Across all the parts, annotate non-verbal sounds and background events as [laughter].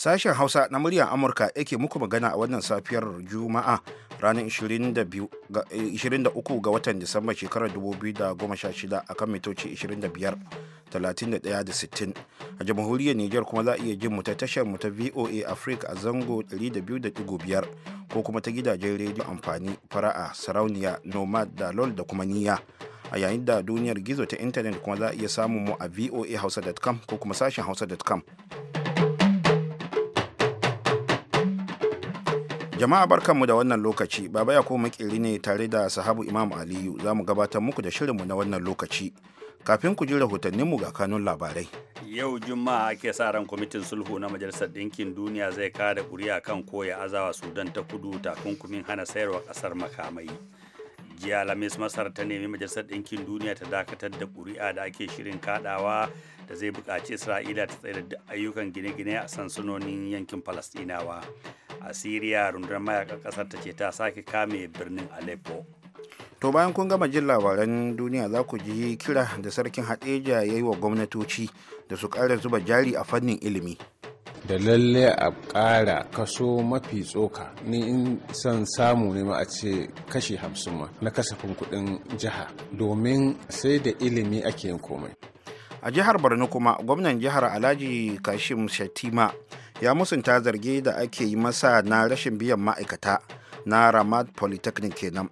Sashen Hausa na muryar Amurka yake muku magana a wannan safiyar Juma'a ranar 23 eh, ga watan Disamba shekarar 2016 a kan mitoci 25, 31 da 60. A jamhuriyar Nijar kuma za a iya jin mu ta tashar mu ta VOA Africa a zango 200.5 ko kuma ta gidajen rediyo amfani fara'a sarauniya nomad da lol da kuma niyya. a yayin da duniyar gizo ta intanet kuma za a iya samun mu a voahausa.com ko kuma sashen hausa.com. jama'a barkanmu da wannan lokaci baba ya kuma makeri ne tare da sahabu imam aliyu za mu gabatar muku da shirinmu na wannan lokaci kafin ku ji rahotanninmu ga kanun labarai yau juma'a ake sa ran kwamitin sulhu na majalisar ɗinkin duniya zai kada kuri'a kan koya azawa sudan ta kudu takunkumin hana sayarwa ƙasar makamai jiya lamis masar ta nemi majalisar ɗinkin duniya ta dakatar da kuri'a da ake shirin kadawa da zai buƙaci isra'ila ta tsayar da ayyukan gine-gine a sansunonin yankin falastinawa a siriya rundunar mayakan kasar ta ce ta sake kame birnin aleppo to bayan kun gama jin labaran duniya za ku ji kira da sarkin hadeja ya yi wa gwamnatoci da su ƙara zuba jari a fannin ilimi da lalle a ƙara kaso mafi tsoka ni in son samu ne ma a ce kashi hamsin ma na kasafin kuɗin jiha domin sai da ilimi ake yin komai a jihar borno kuma gwamnan jihar alhaji kashim shatima ya musunta zargi da ake yi masa na rashin biyan ma'aikata na ramat polytechnic kenan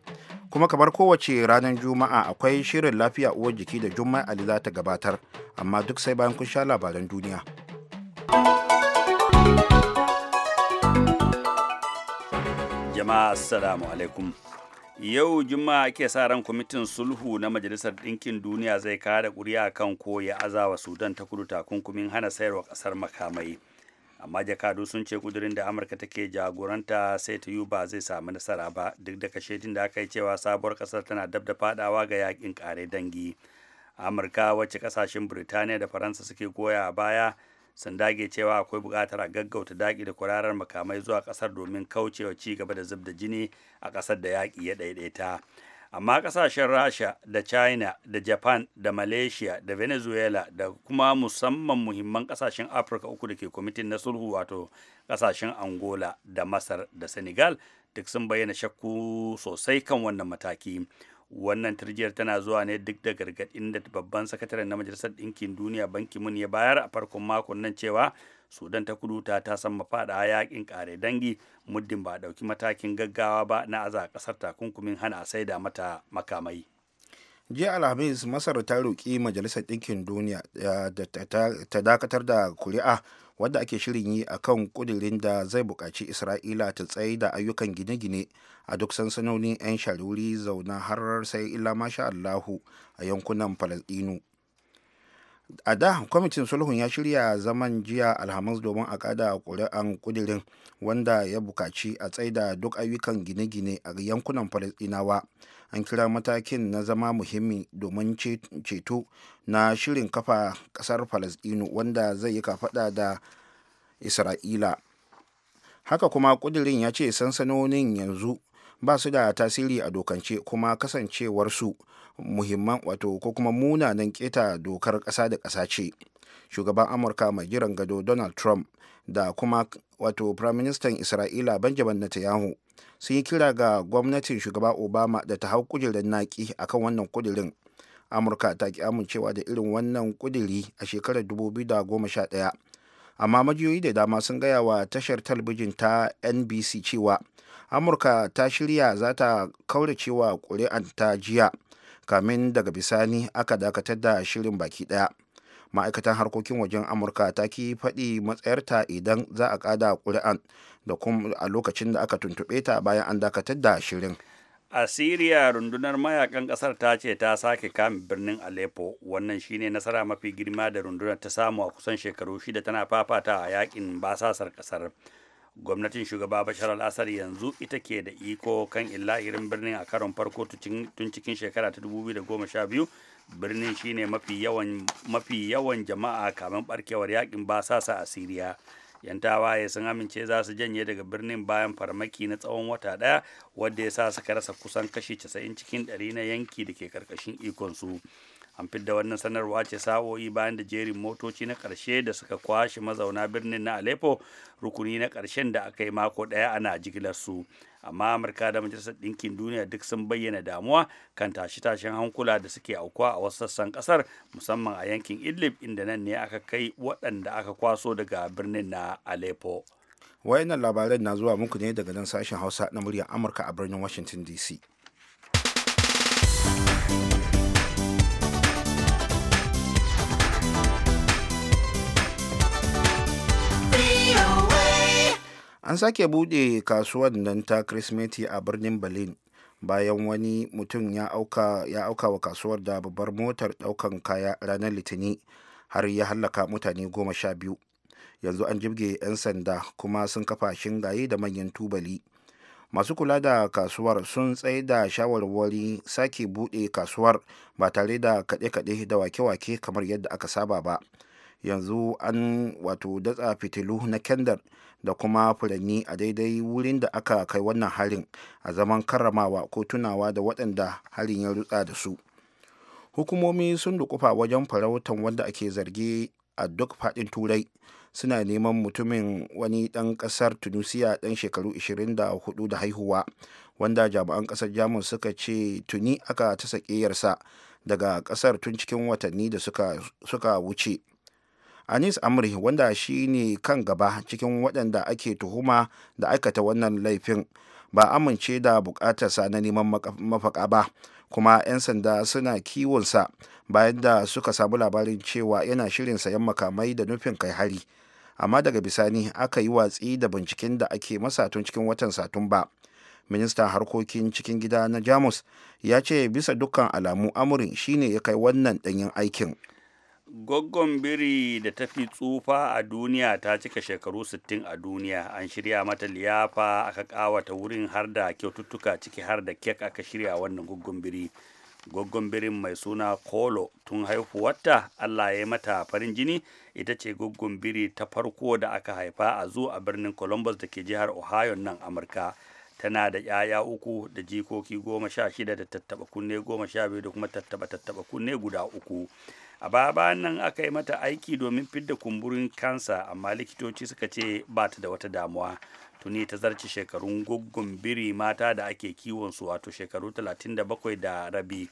kuma kamar kowace ranar juma'a akwai shirin lafiya uwar jiki da juma'a ali za ta gabatar amma duk sai bayan kun sha labaran duniya jama'a assalamu alaikum yau juma'a ake sa ran kwamitin sulhu na majalisar ɗinkin duniya zai kada ƙuri'a kan ko ya azawa sudan ta kudu takunkumin hana sayarwa ƙasar makamai amma jakadu sun ce kudurin da amurka take jagoranta sai ta yi ba zai samu nasara ba duk da din da aka yi cewa sabuwar kasar tana dab da fadawa ga yakin kare dangi amurka wacce kasashen birtaniya da faransa suke goya a baya sun dage cewa akwai buƙatar a gaggauta daƙi da kwararar makamai zuwa ƙasar domin kaucewa ci gaba da zub da jini a ƙasar da yaƙi ya ɗaiɗaita amma kasashen rasha da china da japan da malaysia da venezuela da kuma musamman muhimman kasashen afirka uku da ke kwamitin na sulhu wato kasashen angola da masar da senegal duk sun bayyana shakku sosai kan wannan mataki wannan turjiyar tana zuwa ne duk da gargaɗin da babban sakataren na majalisar ɗinkin duniya banki mun ya bayar a farkon makon nan cewa sudan ta kudu ta ta san mafaɗa yaƙin ƙare dangi muddin ba ɗauki matakin gaggawa ba na aza ƙasar takunkumin hana saida mata makamai jiya alhamis masar ta roƙi majalisar ɗinkin duniya eh, da ta dakatar da kuri'a wadda ake shirin yi a kan kudirin da zai buƙaci isra'ila ta tsaye da ayyukan gine-gine a duk sansanonin 'yan sharuri zauna har sai ila masha allahu a yankunan falasɗinu a da kwamitin sulhun ya shirya zaman jiya alhamis domin a kada ƙuri'an kudirin wanda ya bukaci a tsaida duk ayyukan gine-gine a yankunan falasɗinawa an kira matakin na zama muhimmi domin ceto na shirin kafa ƙasar falasɗinu wanda zai yi kafaɗa da isra'ila haka kuma kudirin ya ce sansanonin yanzu ba su da tasiri a dokance kuma kasancewarsu muhimman wato ko kuma munanan keta dokar ƙasa da ƙasa ce shugaban amurka mai jiran gado donald trump da kuma wato firaministan isra'ila benjamin netanyahu sun yi kira ga gwamnatin shugaba obama da ta hau kujerar naki akan wannan kudirin amurka ta ki amincewa da irin wannan kudiri a shekarar 2011 amma majiyoyi da dama sun gaya wa tashar talabijin ta nbc cewa amurka ta shirya za ta kauracewa ƙuri'an ta jiya kamin daga bisani aka dakatar da shirin baki daya ma'aikatan harkokin wajen amurka ta ki faɗi matsayarta idan za a ƙada ƙuri'an da kuma a lokacin da aka tuntuɓe ta bayan an dakatar da shirin a siriya rundunar mayakan ƙasar ta ce ta sake kame birnin aleppo wannan shine nasara mafi girma da rundunar ta samu a kusan shekaru shida tana fafata a yakin basasar ƙasar gwamnatin shugaba bashar al-assad yanzu ita ke da iko kan illahirin birnin a karon farko tun cikin shekara ta 2012 birnin shine mafi yawan mafi yawan jama'a kamin barkewar yakin basasa a siriya yan ya sun amince za su janye daga birnin bayan farmaki na tsawon wata daya wadda ya sa suka rasa kusan kashi 90 cikin 100 na yanki da ke karkashin ikonsu an fidda wannan sanarwa ce sa'o'i bayan da jerin motoci na ƙarshe da suka kwashe mazauna birnin na aleppo rukuni na ƙarshen da aka yi mako ɗaya ana jigilar su amma amurka da majalisar ɗinkin duniya duk sun bayyana damuwa kan tashe-tashen hankula da suke aukuwa a wasu sassan ƙasar musamman a yankin idlib inda nan ne aka kai waɗanda aka kwaso daga birnin na aleppo wayannan labaran na zuwa muku ne daga nan sashen hausa na muryar amurka a birnin washington dc an sake bude kasuwar nan ta kirsimeti a birnin berlin bayan wani mutum ya auka ya auka wa kasuwar da babbar motar daukan kaya ranar litini har ya hallaka mutane goma sha biyu yanzu an jibge 'yan sanda kuma sun kafa shingaye da manyan tubali masu kula da kasuwar sun tsaye da shawarwari sake bude kasuwar ba tare da kade kade da wake-wake kamar yadda aka saba ba yanzu an wato datsa fitilu na kendar da kuma furanni a daidai wurin da aka kai wannan harin a zaman karramawa ko tunawa da waɗanda harin ya rutsa da su hukumomi sun dukufa wajen farautan wanda ake zargi a duk faɗin turai suna neman mutumin wani ɗan ƙasar tunisia ɗan shekaru 24 da haihuwa wanda jami'an ƙasar jamus suka ce tuni aka ta sakeyarsa daga ƙasar tun cikin watanni da suka wuce anis amri wanda shi ne kan gaba cikin waɗanda ake tuhuma da aikata wannan laifin ba amince da buƙatarsa na neman mafaka ba kuma 'yan sanda suna kiwonsa bayan da suka samu labarin cewa yana shirin sayan makamai da nufin kai hari amma daga bisani aka yi watsi da binciken da ake masa tun cikin watan satumba ministan harkokin cikin gida na jamus ya ce bisa dukkan alamu amurin shine ya kai wannan ɗanyen aikin Goggon biri da ta fi tsufa a duniya ta cika shekaru 60 a duniya an shirya mata liyafa aka kawata wurin har da kyaututtuka ciki har da kek aka shirya wannan goggon biri. Goggon birin mai suna Kolo tun haifuwarta Allah ya mata farin jini ita ce goggon biri ta farko da aka haifa a zuwa a birnin Columbus da ke jihar Ohio nan Amurka. tana da 'ya'ya uku da jikoki goma sha shida da tattaba kunne goma sha biyu da kuma tattaba tattaba kunne guda uku a baya nan aka yi mata aiki domin fidda kumburin kansa amma likitoci suka ce ba ta da wata damuwa tuni ta zarci shekarun guggun biri mata da ake kiwon su wato shekaru talatin da bakwai da rabi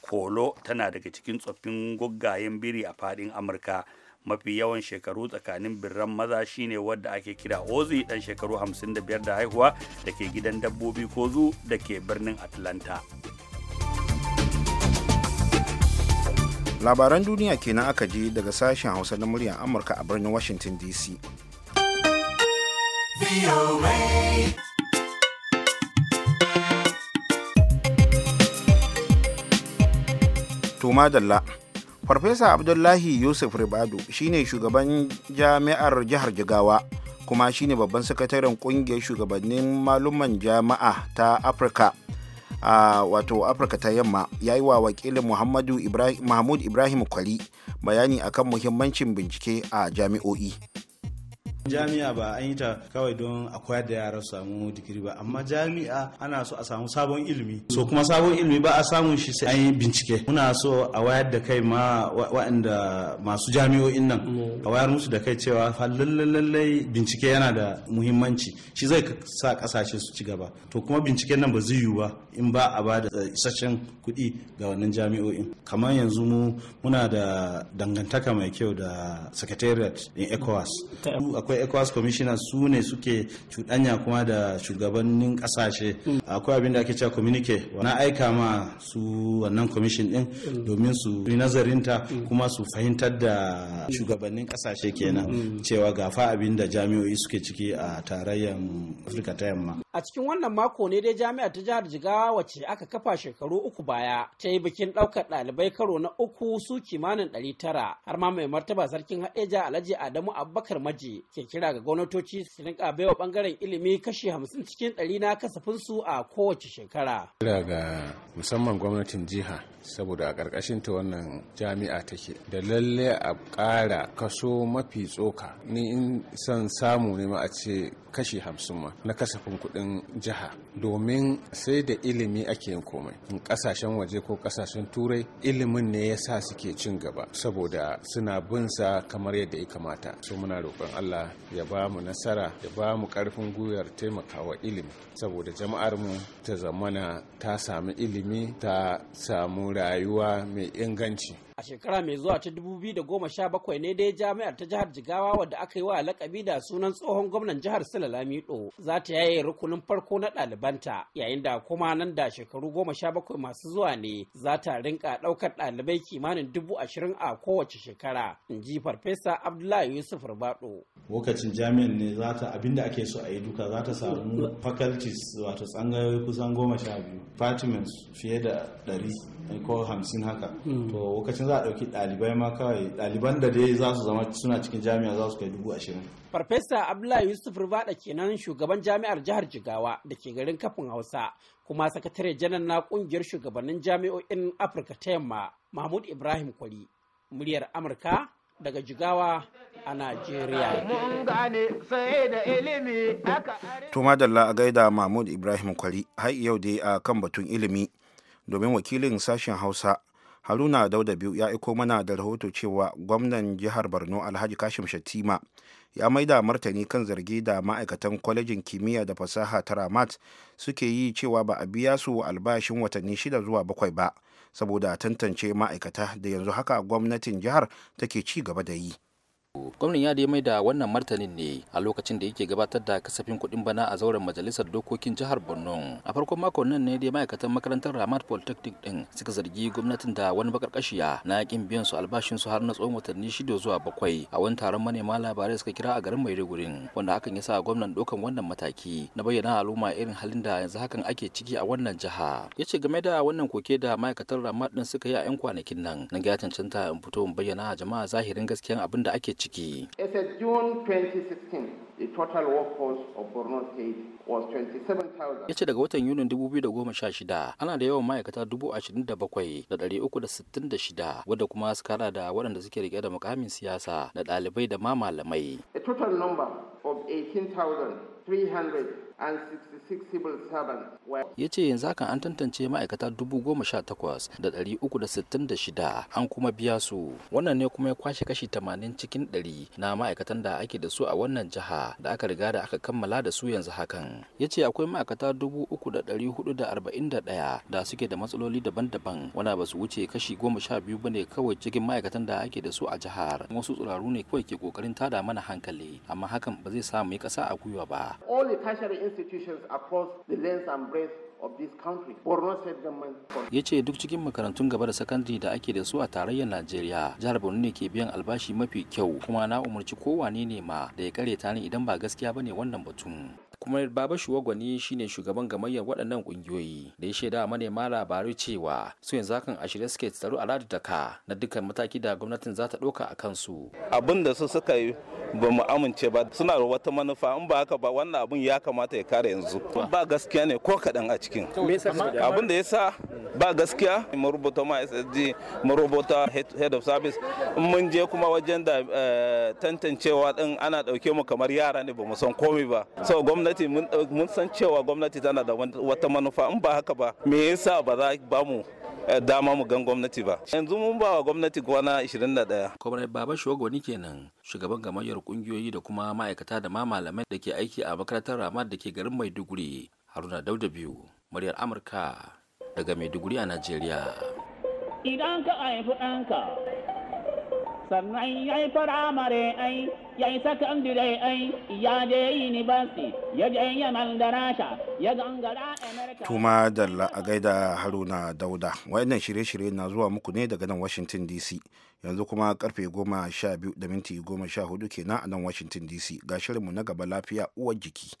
kolo tana daga cikin tsoffin guggayen biri a fadin amurka mafi yawan shekaru tsakanin birran maza shine wadda ake kira ozi dan shekaru 55 da haihuwa da ke gidan dabbobi ko zu da ke birnin atlanta labaran duniya kenan aka je daga sashen hausa na muryar amurka a birnin washington dc to madalla farfesa abdullahi yusuf shi shine shugaban jami'ar jihar jigawa kuma shine babban sakataren kungiyar shugabannin maluman jama'a ta afirka a uh, wato afirka ta yamma ya yi wa wakilin muhammadu ibrahim, mahmud ibrahim kwali bayani akan muhimmancin bincike a jami'o'i jami'a ba an yi ta kawai don a koyar da yara su samu digiri ba amma jami'a ana so a samu sabon ilimi so kuma sabon ilimi ba a samu shi sai an yi bincike muna so a wayar da kai ma waɗanda masu jami'o'in nan a wayar musu da kai cewa fa lallai bincike yana da muhimmanci shi zai sa kasashe su ci gaba to kuma binciken nan ba zai yiwu ba in ba a ba da eh, isasshen kuɗi ga wannan jami'o'in kamar yanzu mu muna da dangantaka mai kyau da secretariat in ecowas akwai akwai ecowas commissioner su ne suke cuɗanya kuma da shugabannin ƙasashe. akwai abin da ake cewa communique na aika ma su wannan commission din domin su nazarinta kuma su fahimtar da shugabannin ƙasashe kenan cewa gafa abin da jami'o'i suke ciki a tarayyar afirka ta yamma a cikin wannan mako ne dai jami'a ta jihar jigawa wacce aka kafa shekaru uku baya ta yi bikin ɗaukar ɗalibai karo na uku su kimanin ɗari tara har ma mai martaba sarkin haɗeja alhaji adamu abubakar maji ke kira ga gwamnatoci su rinka baiwa bangaren ilimi kashi hamsin cikin ɗari na kasafin su a kowace shekara. Kira ga musamman gwamnatin jiha saboda a ƙarƙashin ta wannan jami'a take da lalle a ƙara kaso mafi tsoka ni in son samu ne ma a ce kashi hamsin ma na kasafin kuɗin jiha domin sai da ilimi ake yin komai in ƙasashen waje ko ƙasashen turai ilimin ne ya sa suke cin gaba saboda suna bin sa kamar yadda ya kamata so muna roƙon Allah ya ba mu nasara ya ba mu karfin gwiwar taimakawa ilimi saboda jama'ar mu ta zamana ta samu ilimi ta samu rayuwa mai inganci a shekara mai zuwa ta 2017 ne dai jami'ar ta jihar jigawa wadda aka yi wa lakabi da sunan tsohon gwamnan jihar sila lamido za ta yaye rukunin farko na ɗalibanta yayin da kuma nan da shekaru 17 masu zuwa ne za ta rinka ɗaukar ɗalibai kimanin dubu ashirin a kowace shekara in ji farfesa abdullahi yusuf rubaɗo lokacin jami'ar ne za ta abinda ake so a yi duka za ta samu [laughs] faculties wato tsangayoyi kusan goma sha biyu departments fiye da ɗari ko hamsin haka hmm. to lokacin za a ɗauki ɗalibai ma kawai ɗaliban da dai za su zama suna cikin jami'a za su kai dubu ashirin. farfesa abdullahi yusuf rubada kenan shugaban jami'ar jihar jigawa da ke garin kafin hausa kuma sakatare janar na kungiyar shugabannin jami'o'in afirka ta yamma mahmud ibrahim kwari muryar amurka daga jigawa a Najeriya. To madalla a gaida Mahmud Ibrahim Kwari har yau dai a kan batun ilimi. domin wakilin sashen hausa haruna dauda biyu ya aiko mana da rahoto cewa gwamnan jihar borno alhaji kashim shatima ya mai da martani kan zargi da ma'aikatan kwalejin kimiyya da fasaha ta ramat suke yi cewa ba a biya su albashin watanni shida zuwa bakwai ba saboda tantance ma'aikata da yanzu haka gwamnatin jihar take ci gaba da yi gwamnan ya mai da wannan martanin ne a lokacin da yake gabatar da kasafin kuɗin bana a zauren majalisar dokokin jihar borno a farkon makon nan ne dai ma'aikatan makarantar ramat polytechnic din suka zargi gwamnatin da wani bakarkashiya na yakin biyan su albashin su har na tsawon watanni shida zuwa bakwai a wani taron manema labarai suka kira a garin maiduguri wanda hakan ya sa gwamnan ɗaukan wannan mataki na bayyana al'umma irin halin da yanzu hakan ake ciki a wannan jiha ya ce game da wannan koke da ma'aikatan ramat din suka yi a 'yan kwanakin nan na ga cancanta in fito in bayyana jama'a zahirin gaskiyan abin da ake ciki ciki. ya ce daga watan yunin 2016 ana da yawan ma'aikata 27,366 wadda kuma su kara da waɗanda suke rike da mukamin siyasa da ɗalibai da ma malamai. a total number of 18,300 Ya ce yanzu hakan an tantance ma'aikata dubu goma sha takwas da ɗari uku da sittin shida an kuma biya su. Wannan ne kuma ya kwashe kashi tamanin cikin ɗari na ma'aikatan da ake da su a wannan jiha da aka riga da aka kammala da su yanzu hakan. Ya ce akwai ma'aikata dubu uku da ɗaya da suke da matsaloli daban-daban wana ba su wuce kashi goma sha biyu ba ne kawai cikin ma'aikatan da ake da su a jihar. Wasu tsiraru ne kawai ke kokarin tada mana hankali amma hakan ba zai sa mu yi ƙasa a gwiwa ba. institutions across the length and breadth of this country. Borno State government. Ya ce duk cikin makarantun gaba da sakandare da ake da su a tarayyar Najeriya, jihar Borno ne ke biyan albashi mafi kyau kuma na umarci kowane ne ma da ya kare ta ni idan ba gaskiya bane wannan batun. kuma baba shuwagwani shine shugaban gamayyar waɗannan ƙungiyoyi da ya shaida manema labarai cewa su yanzu hakan a shirye suke tsaro a Ka na dukkan mataki da gwamnatin za ta ɗauka a kansu abin da su suka yi ba mu amince ba suna da wata manufa in ba haka ba wannan abin ya kamata ya kare yanzu ba gaskiya ne ko kaɗan a cikin abin da ya sa ba gaskiya mu rubuta ma ssg mu rubuta head of service mun je kuma wajen da eh, tantancewa din ana ɗauke mu kamar yara ne ba mu san komai ba so gwamnati gwamnati mun san cewa gwamnati tana da wata manufa in ba haka ba me yasa ba za ba mu eh, dama mu gan gwamnati ba yanzu mun ba wa gwamnati kwana 21 comrade baba shugabani kenan shugaban gamayyar kungiyoyi da kuma ma'aikata da ma malamai da ke aiki a makarantar ramar da ke garin maiduguri haruna dauda biyu muryar amurka daga maiduguri a najeriya idan ka haifi ɗanka sannan ya yi firamare ai ya yi sakandire ai ya je basi ya je yaman da rasha ya gangara america tuma dalla a gaida haruna dauda wayannan shirye-shirye na zuwa muku ne daga nan washington dc yanzu kuma karfe goma sha biyu da minti goma sha hudu kenan a nan washington dc ga shirinmu na gaba lafiya uwar jiki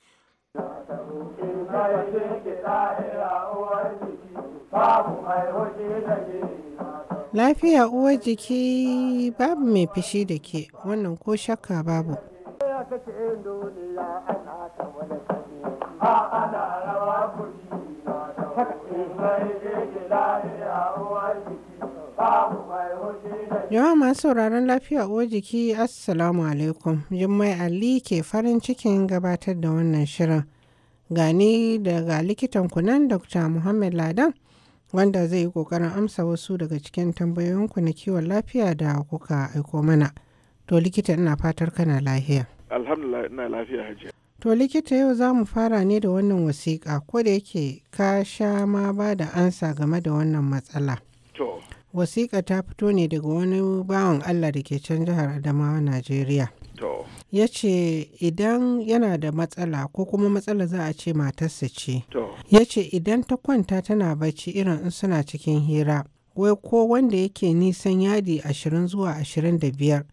Lafiya uwar jiki babu mai fishi da ke wannan ko shakka babu. yawan masu sauraron lafiya uwar jiki Assalamu alaikum. Jummai Ali ke farin cikin gabatar da wannan shirin. Gani daga likitan kunan Dr. Muhammad Ladan. wanda zai yi ƙoƙarin amsa wasu daga cikin tambayoyinku na kiwon lafiya da kuka aiko mana. To likita ina fatar kana lafiya. Alhamdulillah ina lafiya hajiya. To likita yau za mu fara ne da wannan wasiƙa ko da yake ka sha ma ba da ansa game da wannan matsala. To. Wasiƙa ta fito ne daga wani bawan Allah da ke can jihar Adamawa Najeriya. ya ce idan yana da matsala ko kuma matsala za a ce matarsa ce ya ce idan ta kwanta tana bacci irin in suna cikin hira wai ko wanda yake nisan yadi ashirin zuwa ashirin da biyar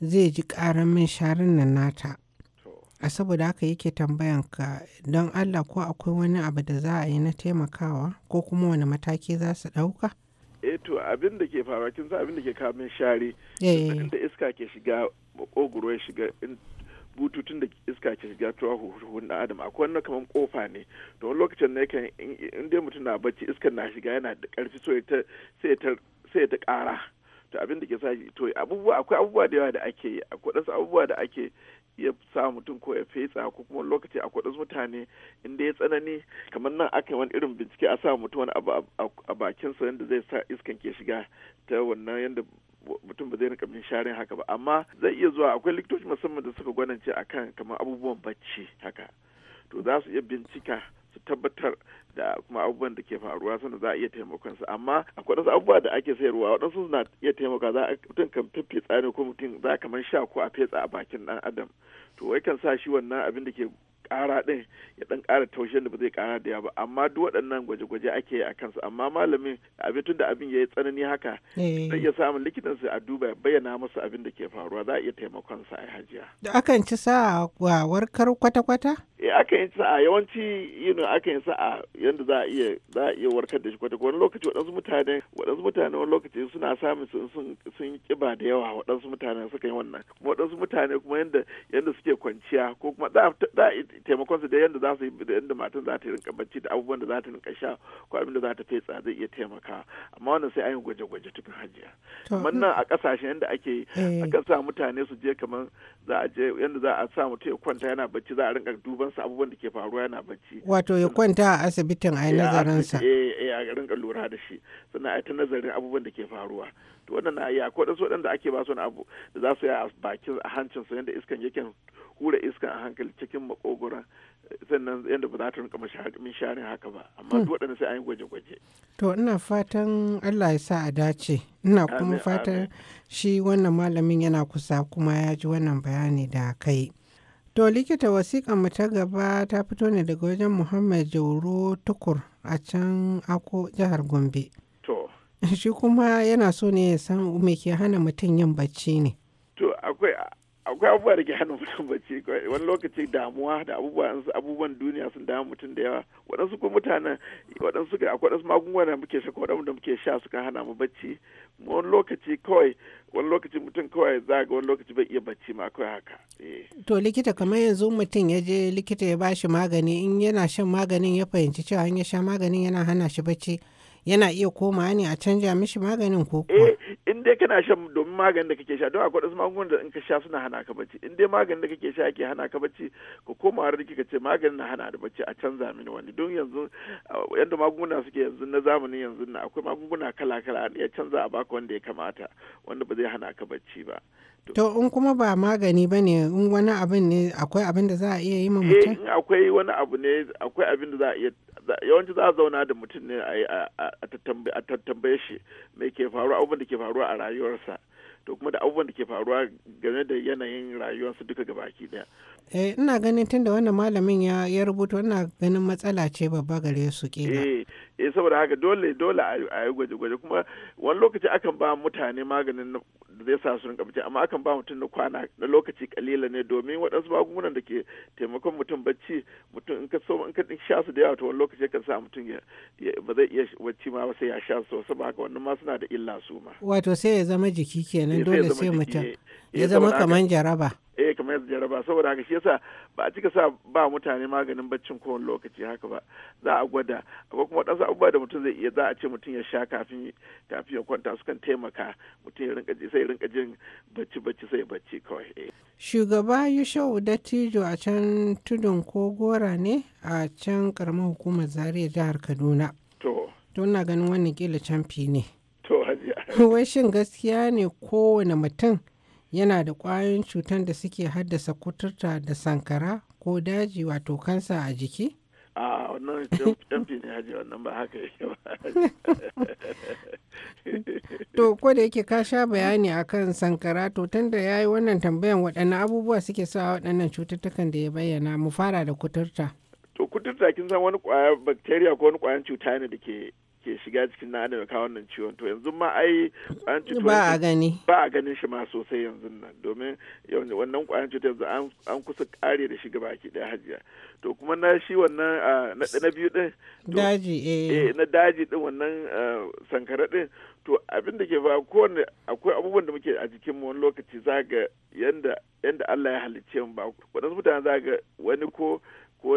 zai ji ƙaran min sharin nan nata a saboda haka yake tambayan ka don allah ko akwai wani abu da za a yi na taimakawa ko kuma wani mataki za su ɗauka? eh to abin da ke faruwa kin abin da ke kamin share Eh. inda iska ke shiga makogoro ya shiga bututun da iska ke shiga tuwa huhun da adam akwai wani kamar kofa ne to wani lokacin ne kan inda mutum na bacci iskar na shiga yana da karfi so sai ta kara to abin da ke sa to abubuwa akwai abubuwa da yawa da ake yi akwai wasu abubuwa da ake ya sa mutum ko ya fetsa ko kuma lokaci akwai wasu mutane inda ya tsanani kamar nan aka wani irin bincike a sa mutum wani abu a bakinsa yadda zai sa iskan ke shiga ta wannan yadda mutum ba zai rinka bin sharin haka ba amma zai iya zuwa akwai likitoci musamman da suka gwanance kan kamar abubuwan bacci haka to za su iya bincika su tabbatar da kuma abubuwan da ke faruwa sanda za a iya taimakon su amma akwai wasu abubuwa da ake sayarwa waɗansu na iya taimaka za a mutum kan fefetsa ne ko mutum za kamar sha ko a fetsa a bakin ɗan adam to wai kan sa shi wannan abin da ke ƙara ɗin ya ɗan ƙara taushen da ba zai ƙara da ba amma duk waɗannan gwaje-gwaje ake yi a kansu amma malamin abin tun da abin ya yi tsanani haka sai eh. ya samun likitan su a duba ya bayyana masa abin da ke faruwa za a iya taimakon sa a hajiya. Da akan ci sa wa warkar kwata-kwata? Eh, akan yi sa'a yawanci yin know akan yi sa'a yadda za a iya za a iya warkar da shi kwata wani lokaci waɗansu mutane waɗansu mutane wani lokaci suna samun sun sun sun kiba da yawa waɗansu mutane suka yi wannan kuma waɗansu mutane kuma yadda yadda suke kwanciya ko kuma za a taimakon su da yadda za su yi da yadda matan za ta yi rinka bacci da abubuwan da za ta rinka sha ko abin da za ta fetsa zai iya taimaka amma wannan sai an yi gwaje-gwaje tufin hajiya Wannan a ƙasashen yadda ake eh. akan sa mutane su je kamar za a je yadda za a sa mutum ya kwanta yana bacci za a rinka duban nazarinsa abubuwan da ke faruwa yana bacci wato ya kwanta a asibitin a yi nazarin eh, nazarinsa eh, eh a garin lura da shi sannan a ta nazarin abubuwan da ke faruwa to wannan na ya ko wadansu waɗanda ake ba su wani abu da za su yi a bakin a hancin su yadda iskan yake hura iskan a hankali cikin makogora sannan yadda ba za ta rinka min sharin haka ba amma hmm. duk waɗanda sai an yi gwaje-gwaje to ina fatan Allah ya sa a dace ina kuma fatan shi wannan malamin yana kusa kuma ya ji wannan bayani da kai To likita wasiƙa mu ta gaba ta fito ne daga wajen Muhammad Jauro Tukur a can Ako jihar Gombe. To. [laughs] Shi kuma yana so ne ya san me ke hana mutum yin bacci ne. To akwai akwai abubuwa da ke hana mutum bacci wani lokaci damuwa da abubuwan duniya sun damu mutum da yawa waɗansu kuma mutanen waɗansu akwai waɗansu magunguna da muke sha ko muke sha suka hana mu bacci wani lokaci kawai wani lokaci mutum kawai zaga wani lokaci bai iya bacci ma kawai haka eh. to likita kamar yanzu mutum ya je likita ya bashi magani in yana shan maganin ya fahimci cewa in ya sha maganin yana hana shi bacci yana iya komawa ne a canja mishi maganin ko kuwa? Eh, in dai kana shan domin maganin da kake sha don akwai wasu magungunan da in ka sha suna hana ka bacci in dai maganin da kake sha yake hana ka bacci ka koma har kika ce maganin na hana da bacci a canza mini wani don yanzu yadda magunguna suke yanzu na zamani yanzu na akwai magunguna kala kala ya canza a baka wanda ya kamata wanda ba zai hana ka bacci ba to in kuma ba magani ba ne in wani abin ne akwai abin da za a iya yi ma mutum eh, akwai wani abu ne akwai abin da za a iya yawanci za a zauna da mutum ne a tattambaye shi me ke faruwa abubuwan da ke faruwa a rayuwarsa to kuma da abubuwan da ke faruwa game da yanayin rayuwarsu duka gabaki daya eh ina ganin tunda wannan malamin ya rubuta ina ganin matsala ce babba gare su kila eh, eh saboda haka dole dole a yi gwaje-gwaje kuma wani lokaci akan ba mutane maganin da zai sa su rinka bacci amma akan ba mutum na kwana na lokaci kalila ne domin waɗansu magungunan da ke taimakon mutum bacci mutum in ka so in ka sha su da yawa to wani lokaci kan sa mutum ya ba zai iya bacci ma ba sai ya sha su saboda haka wannan ma suna da illa su ma wato sai ya zama jiki kenan eh, dole sai mutum eh, ya zama kaman jaraba eh kamar yadda jaraba saboda haka shi yasa ba a cika sa ba mutane maganin baccin kowane lokaci haka ba za a gwada akwai kuma wadansu abubuwa da mutum zai iya za a ce mutum ya sha kafin kafin ya kwanta sukan taimaka mutum ya rinka sai rinka jin bacci bacci sai bacci kawai eh. shugaba yushau dattijo a can tudun ko gora ne a can karamar hukumar zaria jihar kaduna to to ina ganin wannan kila canfi ne to hajiya [laughs] wai shin gaskiya ne kowane mutum yana da kwayoyin cutar da suke haddasa kuturta da sankara ko daji wato kansa a jiki? a wannan jamfi ne haji wannan ba haka yake ba [laughs] to ko da yake ka sha bayani akan sankara to tun da ya yi wannan tambayan waɗannan abubuwa suke sa waɗannan cututtukan da ya bayyana mu fara da kuturta to kuturta kin san wani kwayar bacteria ko wani kwayar cuta ne da ke ke shiga cikin na adam kawo wannan ciwon to yanzu ma ai kwayan cutar ba a gani ba a ganin shi ma sosai yanzu nan domin wannan kwayan cutar yanzu an kusa kare da shi gaba ki da hajiya to kuma na shi wannan na biyu din daji eh. eh na daji din wannan sankara din to abin da ke fa kowanne akwai abubuwan da muke a jikin mu wani lokaci za ga yanda yanda Allah ya halicce mu ba wannan mutane za ga wani ko ko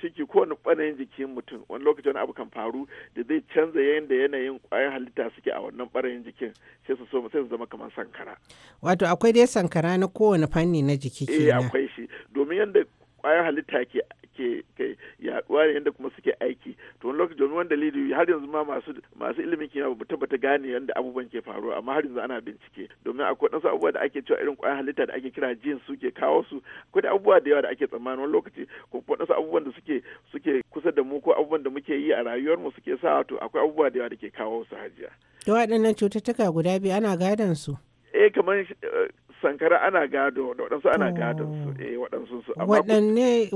ciki kowane ɓanayin jikin mutum wani lokacin wani abu kan faru da zai canza yayin da yanayin ƙwayar halitta suke a wannan ɓanayin jikin sai su so sai su zama kamar sankara. Wato akwai dai sankara na kowane fanni na jiki eh, kenan. Eh akwai shi domin yadda ƙwayar halitta ke suke kai yaduwa da yadda kuma suke aiki to wani lokaci domin wani dalili har yanzu ma masu masu ilimin kimiyya ba tabbata gane yadda abubuwan ke faruwa amma har yanzu ana bincike domin akwai wasu abubuwa da ake cewa irin kwayan halitta da ake kira jin suke kawo su akwai da abubuwa da yawa da ake tsammani wani lokaci ko wasu abubuwan da suke suke kusa da mu ko abubuwan da muke yi a rayuwar mu suke sa to akwai abubuwa da yawa da ke kawo su hajiya. Da waɗannan cututtuka guda biyu ana gadon su. eh kamar eh, sankara ana gado da waɗansu ana gadon su oh. eh waɗansu su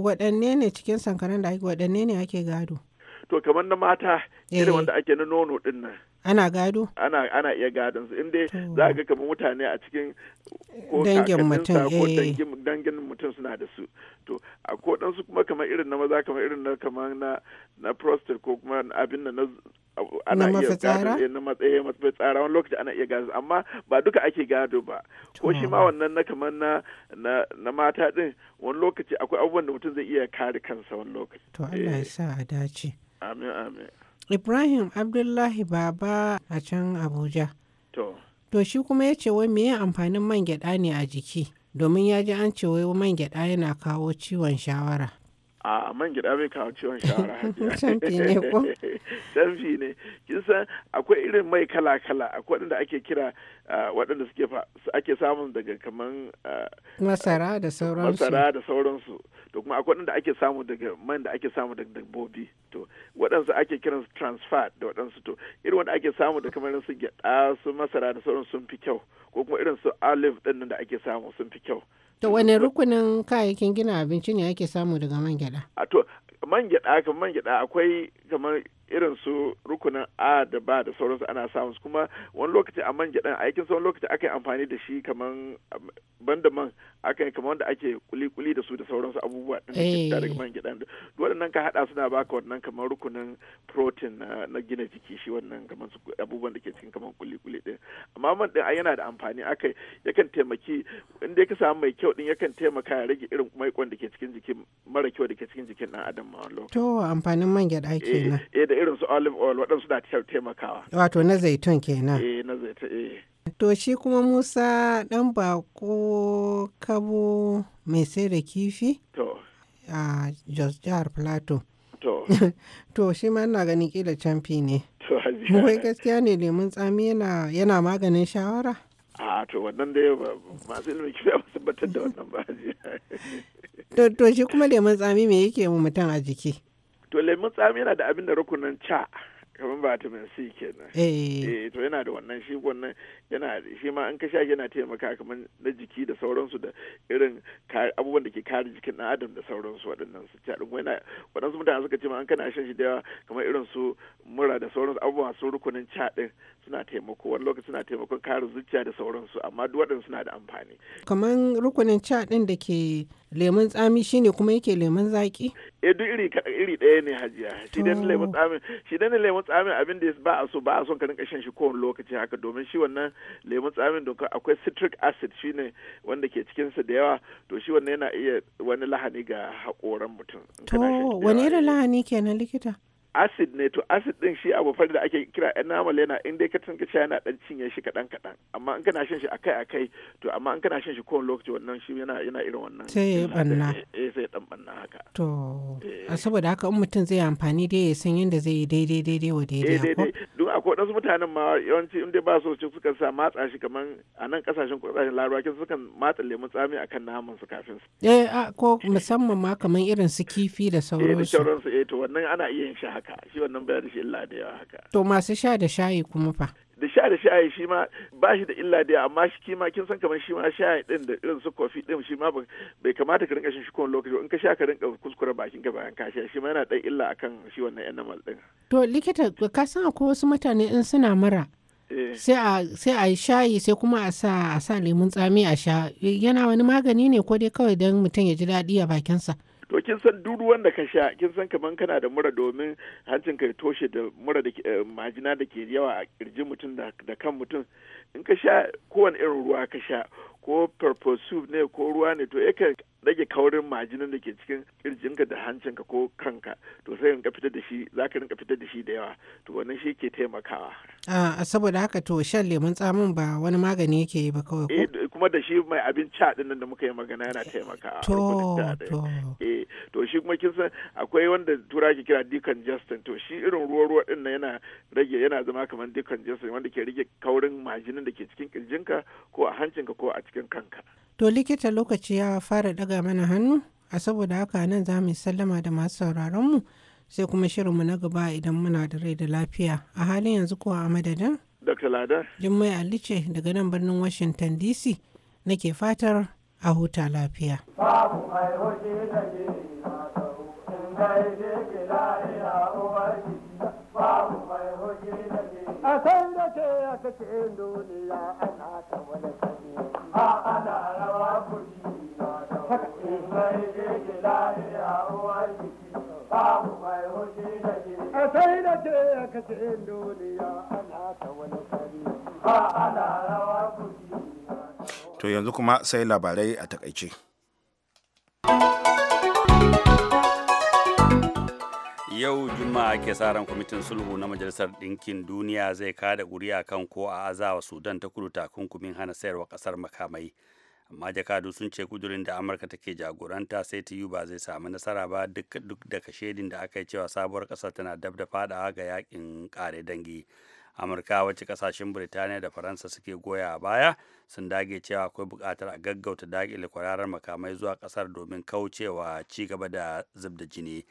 waɗanne ne cikin sankaran da ake waɗanne ne ake gado to kamar na mata irin eh. wanda ake na nono din nan ana gado ana ana iya gadon su inda za ga kamar mutane a cikin dangin mutum ko eh. dangin mutum suna da su to a ko dan su kuma kamar irin na maza kamar irin na kamar na na prostate ko kuma abin na ana iya gado eh, na matsayi matsayi tsara wani lokaci ana iya gado amma ba duka ake gado ba ko shi ma wannan na kamar na na mata din wani lokaci akwai abubuwan da mutum zai iya kare kansa wani lokaci to Allah ya eh. sa a dace amin amin Ibrahim Abdullahi Baba a can Abuja. To. To shi kuma ya ce wai meye amfanin man gyaɗa ne a jiki domin ya ji an ce wai man gyaɗa yana kawo ciwon shawara. a man gida bai kawo ciwon [laughs] shawara canfi ne [laughs] ne kin san akwai irin mai kala kala akwai waɗanda ake kira waɗanda suke ake samun daga kaman masara da sauransu masara da sauransu to kuma akwai waɗanda ake samu daga man da ake samu daga dabbobi to waɗansu ake kiran transfer da waɗansu to irin wanda ake samu da kamar su gyaɗa su masara da sauransu sun fi kyau ko kuma irin su olive ɗin da ake samu sun fi kyau To wanne rukunin kayayyakin gina abinci ne ake samu daga man gyada? A to man gyada kamar man gyada akwai kamar irin su rukunin a da ba da sauransu ana samun su kuma wani lokaci a man gyaɗan aikin sa wani lokaci aka yi amfani da shi kaman banda man aka yi kaman wanda ake kuli-kuli da su da sauransu abubuwa ɗin da daga eh. man gyaɗan waɗannan ka haɗa suna baka wannan kaman rukunin protein na gina jiki shi wannan kaman abubuwan da ke cikin kaman kuli-kuli ɗin amma man ɗin yana da amfani aka yakan taimaki inda ka samu mai kyau ɗin yakan taimaka ya rage irin maikon da ke cikin jikin mara kyau da ke cikin jikin ɗan adam ma wani lokaci. To amfanin man gyaɗa eh, kenan. Eh da irin su olive oil waɗansu na taimakawa. Wato na zaitun kenan. Eh na zaitun eh. To shi kuma Musa ɗan bako kabo mai sai da kifi? To. A Jos Jihar Plateau. To. [laughs] to shi ma ina ganin kila camfi ne. To hajiya. Wai gaskiya ne lemun tsami yana maganin shawara? A to wannan dai masu ilimin kifi ba batar da wannan ba hajiya. [laughs] To shi kuma lemun tsami me yake mu mutum a jiki? to lemun tsami yana da abin da rukunin ca kamar vitamin C kenan. Eh. eh to yana da wannan shi wannan yana shi ma an ka yana taimaka kamar na jiki da sauransu da irin abubuwan da ke kare jikin ɗan adam da sauransu waɗannan su ci dingo yana waɗansu mutane suka ce ma an kana shan shi da yawa kamar irin su mura da sauransu abubuwa su rukunin ca din suna taimako wani lokaci suna taimakon kare zuciya da sauransu amma duk waɗansu suna da amfani. Kamar rukunin ca din da ke lemun tsami shine kuma yake lemun zaki eh duk iri iri ɗaya ne hajiya shi dan lemun tsami shi dan lemun tsami abin da ba a so ba a so ka rinka shan shi kowane lokaci haka domin shi wannan lemun tsami doka akwai citric acid shine wanda ke cikin sa da yawa to shi wannan yana iya wani lahani ga hakoran mutum to wani irin lahani kenan likita acid ne to acid din shi abu fari da ake kira enamel yana in dai ka tsinka shi yana dan cinye shi kadan kadan amma in kana shan shi akai akai to amma in kana shan shi kowane lokaci wannan shi yana yana irin wannan sai ya banna eh sai dan banna haka to a eh. saboda haka in mutum zai amfani dai ya san yadda zai yi daidai daidai wa daidai eh, ko duk akwai wasu mutanen ma yawanci in dai ba su ci suka sa matsa shi kaman a nan kasashen kasashen larabawa sukan matsa lemun tsami akan naman su kafin su eh ko musamman ma kaman irin su kifi da sauransu eh da sauransu eh to wannan ana iya yin shi haka shi wannan bayan da shi illa da yawa haka to masu sha da shayi kuma fa da sha da shayi shi ma ba shi da illa da amma shi kima kin san kamar shi ma shayi din da irin su kofi din shi ma bai kamata ka rinka shan shi kowane lokaci in ka sha ka rinka kuskure bakin ka bayan ka sha shi ma yana dan illa akan shi wannan animal din to likita ka san akwai wasu mutane in suna mara eh. sai a yi shayi sai kuma a sa a sa lemun tsami a sha yana wani magani ne ko dai kawai don mutum ya ji daɗi a bakinsa to kin san duk ruwan da ka sha kin san kaman kana da mura domin hancin ka toshe da mura da eh, majina da ke yawa a kirjin mutum da kan mutum in ka sha kowane irin ruwa ka sha ko purple ne ko ruwa ne to yakan rage kaurin majinin da ke cikin kirjinka da hancinka ko kanka to sai rinka fitar da shi za ka rinka fitar da shi da yawa to wannan shi ke taimakawa. a saboda haka to shan lemun tsamin ba wani magani yake yi ba kawai ko. Eh, kuma da shi mai abin ca nan da muka yi magana yana taimakawa. to to eh to shi kuma kin san akwai wanda tura ke kira decongestant to shi irin ruwa ruwa din nan yana rage yana zama kamar decongestant wanda ke rage kaurin majinin da ke cikin kirjinka ko a hancinka ko a cikin kanka. To likita lokaci ya fara daga mana hannu, a saboda haka nan za mu sallama da masu sauraronmu sai kuma shirinmu na gaba idan muna da rai da lafiya. A halin yanzu kuwa a madadin? Dr. Lada. Jummai Ali daga nan birnin Washington DC nake fatar a huta lafiya. a san da ke a cikin duniya ana ta wani sani a ana rawa kuri na da wani mai jiki lahiya uwar jiki babu mai hoji da jiri a san da ke a cikin duniya ana ta wani sani a ana rawa kuri to yanzu kuma sai labarai a takaice. yau juma'a ke sa ran kwamitin sulhu na majalisar ɗinkin duniya zai kada a kan ko a azawa sudan ta kudu takunkumin hana sayarwa ƙasar makamai amma jakadu sun ce kudurin da amurka take jagoranta sai ta ba zai samu nasara ba duk da kashedin da aka yi cewa sabuwar ƙasar tana dab da fadawa ga yakin ƙare dangi amurka wacce kasashen biritaniya da faransa suke goya a baya sun dage cewa akwai bukatar a gaggauta dakile kwararar makamai zuwa ƙasar domin kaucewa ci gaba da zub da jini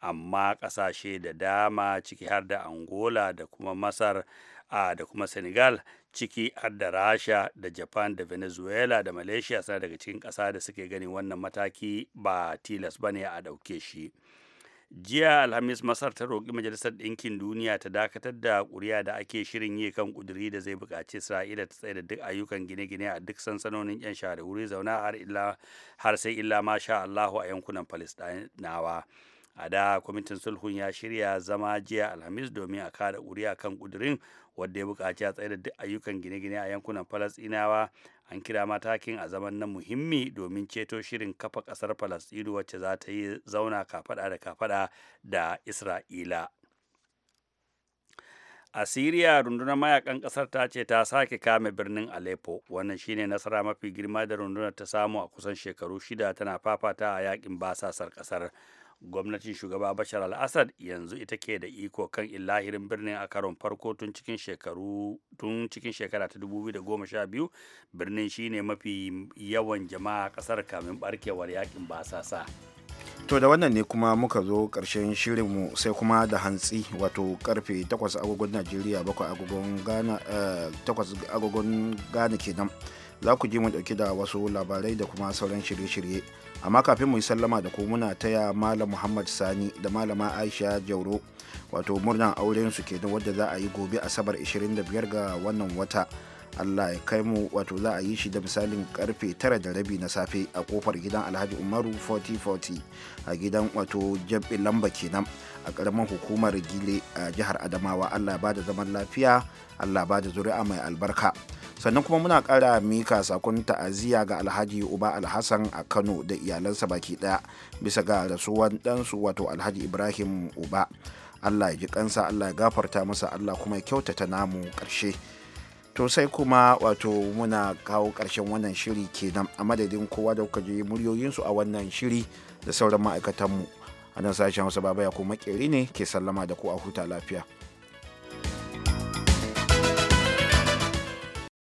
amma ƙasashe da dama ciki har da angola da kuma masar a da kuma senegal ciki har da rasha da japan da venezuela da malaysia suna daga cikin ƙasa da suke ganin wannan mataki ba tilas ba ne a ɗauke shi jiya alhamis masar ta roƙi majalisar ɗinkin duniya ta dakatar da ƙuri'a da ake shirin yi kan ƙuduri da zai buƙaci isra'ila ta tsaye da duk ayyukan gine-gine a duk sansanonin 'yan share wuri zauna har sai illa masha allahu a yankunan palestinawa a da kwamitin sulhun ya shirya zama jiya alhamis domin a kada a kan kudirin wadda ya buƙaci a tsaye da duk ayyukan gine-gine a yankunan falasɗinawa an kira matakin a zaman na muhimmi domin ceto shirin kafa ƙasar falasɗinu wacce za ta yi zauna kafaɗa da kafaɗa da isra'ila a siriya rundunar mayakan kasar ta ce ta sake kame birnin aleppo wannan shine nasara mafi girma da rundunar ta samu a kusan shekaru shida tana fafata a yakin basasar kasar gwamnatin shugaba bashar al-assad yanzu ita ke da iko kan illahirin birnin a karon farko tun cikin shekaru tun cikin shekara ta 2012 birnin shine mafi yawan jama'a kasar kamin barkewar yakin basasa to da wannan ne kuma muka zo karshen shirinmu sai kuma da hantsi wato karfe 8 agogon najeriya 7 agogon ghana 8 eh, agogon ghana kenan za ku ji mu dauki da wasu labarai da kuma sauran shirye-shirye amma kafin mu yi sallama da ku muna taya malam muhammad sani da malama aisha jauro wato murnan aurensu su kenan wadda za a yi gobe asabar 25 ga wannan wata allah ya kai mu wato za a yi shi da misalin karfe 9 da rabi na safe a kofar gidan alhaji umaru 4040 a gidan wato jabin lamba kenan a karamin hukumar gile a jihar adamawa allah ba da zaman lafiya allah ba da zuri'a mai albarka sannan kuma muna kara mika sakon ta'aziyya ga alhaji uba alhassan a kano da iyalansa baki daya bisa ga rasuwan ɗansu wato alhaji ibrahim uba allah ya ji kansa allah ya gafarta masa allah kuma ya kyautata namu ƙarshe. to sai kuma wato muna kawo ƙarshen wannan shiri kenan a madadin kowa da kuka je muryoyinsu a wannan shiri da sauran ma'aikatanmu a nan sashen Hausa babaya ya kuma makeri ne ke sallama da ku a huta lafiya